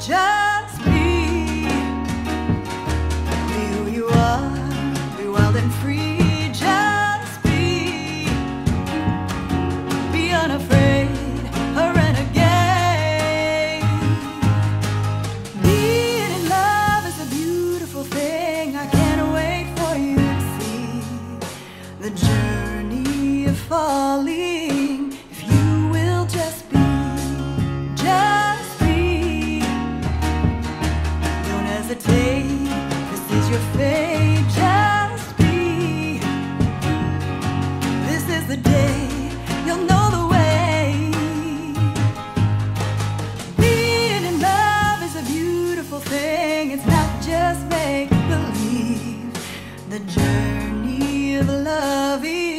Just be, be who you are, be wild and free. Just be, be unafraid, a renegade. Being in love is a beautiful thing. I can't wait for you to see the journey of falling. hesitate. This is your fate, just be. This is the day you'll know the way. Being in love is a beautiful thing, it's not just make believe. The journey of love